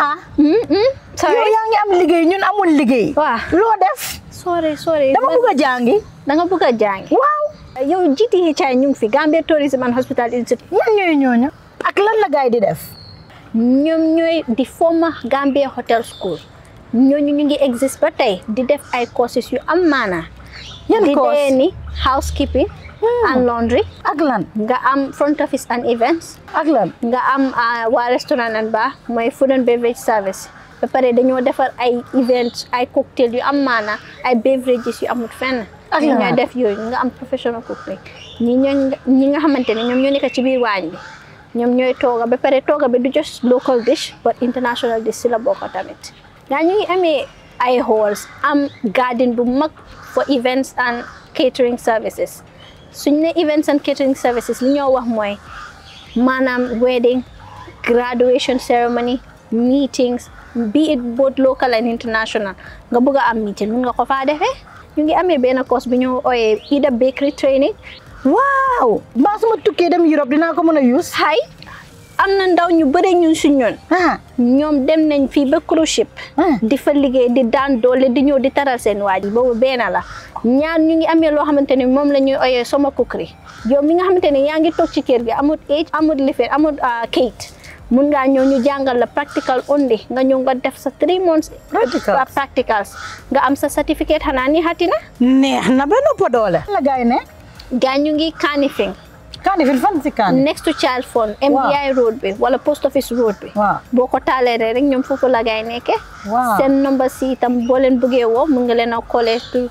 ah. sori yow yaa ngi am liggéey ñun amul liggéey. waaw loo def. sori sori dama bëgg a jàngi. da nga bëgg a jàngi. waaw. yow GTHI ñu ngi fi Gambia Tourism and Hospitality Institute. ñan ñooy ñooñu. ak lan la gars yi di def. ñoom ñooy di foma Gambia Hotel School ñooñu ñu ngi exist ba tey di def ay courses yu am maanaa. yan course di ni housekeeping. Hmm. and laundry. ak lan nga am front office and events. ak lan nga am ah, wa restaurant and bar mooy food and beverage service. ba pare dañoo defar ay events ay cocktail yu am maana ay beverages yu amut fenn. ak lan ñooy def yooyu nga am professional cooking. ñi ñooñu ñi nga xamante ne ñoom ñoo nekk ci biir waañ bi. ñoom ñooy tooga ba pare tooga bi du just local dish but international dish si la bokk tamit. yaa ñu ay halls am garden bu mag for events and catering services suñ ne events and catering services li ñoo wax mooy maanaam wedding graduation ceremony meetings be it both local and international nga bëgg am meeting mun nga ko faa defee ñu ngi amee benn course bi ñu ooyee Ida bakery training waaw baa suma tukkee dem Europe dinaa ko mën a use hay am na ndaw ñu bëre ñun suñ ñoon ñom dem nañ fiba ba ship, di fa liggé di daan doole di ñëw di taral seen waaj boobu benn la ñaar ñu ngi amé lo xamanteni mom la ñuy sama kukri yow mi nga xamanteni ya nga tok ci kër bi amut age amut lifé amut ah, kate mun nga ñëw ñu jangal la practical only nga ñëw nga def sa 3 months ah, practicals nga am sa certificate hanani hatina neex na ba no podole la gay ne gañu ngi kaanifing kani fil fan si kani next to child phone mbi road bi wala post office road bi boo ko taaleeree rek ñoom foofu la gaay nekke seen number si itam boo leen bëggee woo mun nga leen a collège to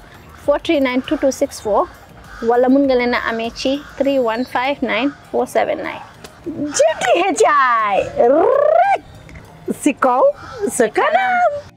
439 2264 wala mun nga leen a amee ci 3159479 479 GTHI rek si kaw sa kanam